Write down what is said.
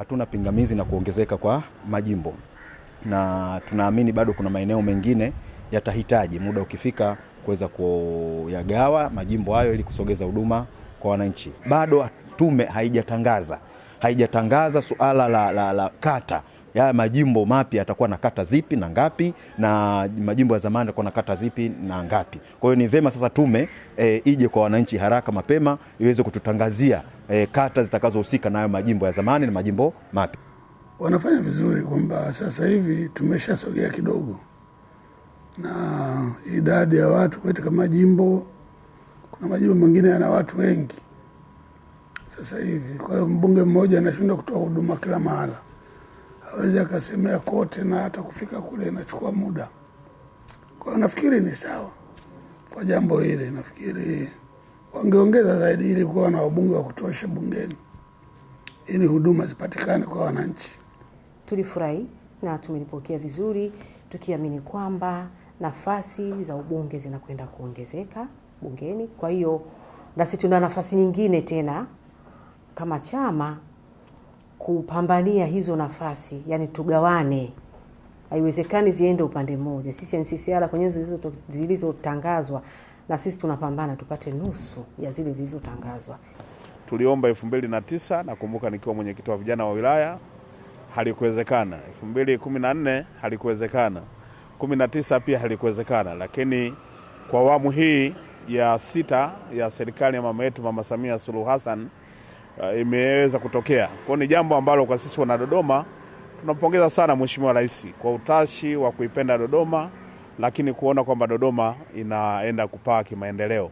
Hatuna pingamizi na kuongezeka kwa majimbo na tunaamini bado kuna maeneo mengine yatahitaji muda ukifika kuweza kuyagawa majimbo hayo ili kusogeza huduma kwa wananchi. Bado tume haijatangaza haijatangaza suala la, la, la kata ya majimbo mapya yatakuwa na kata zipi na ngapi, na majimbo ya zamani yatakuwa na kata zipi na ngapi. Kwa hiyo ni vema sasa tume e, ije kwa wananchi haraka mapema iweze kututangazia e, kata zitakazohusika nayo majimbo ya zamani na majimbo mapya. Wanafanya vizuri kwamba sasa hivi tumeshasogea kidogo na idadi ya watu katika majimbo. Kuna majimbo mengine yana watu wengi sasa hivi, kwa hiyo mbunge mmoja anashindwa kutoa huduma kila mahala hawezi akasemea kote, na hata kufika kule inachukua muda. Kwa nafikiri ni sawa kwa jambo hili, nafikiri wangeongeza zaidi ili kuwa na wabunge wa kutosha bungeni ili huduma zipatikane kwa wananchi. Tulifurahi na tumelipokea vizuri tukiamini kwamba nafasi za ubunge zinakwenda kuongezeka bungeni. Kwa hiyo nasi tuna nafasi nyingine tena kama chama kupambania hizo nafasi, yani tugawane, haiwezekani ziende upande mmoja. Sisi NCCR kwenye zilizotangazwa na sisi tunapambana tupate nusu ya zile zilizotangazwa. Tuliomba elfu mbili na tisa nakumbuka nikiwa mwenyekiti wa vijana wa wilaya, halikuwezekana. elfu mbili kumi na nne halikuwezekana, kumi na tisa pia halikuwezekana, lakini kwa awamu hii ya sita ya serikali ya mama yetu Mama Samia Suluhu Hassan uh, imeweza kutokea. Kwa ni jambo ambalo kwa sisi wana Dodoma tunampongeza sana Mheshimiwa Rais kwa utashi wa kuipenda Dodoma, lakini kuona kwamba Dodoma inaenda kupaa kimaendeleo.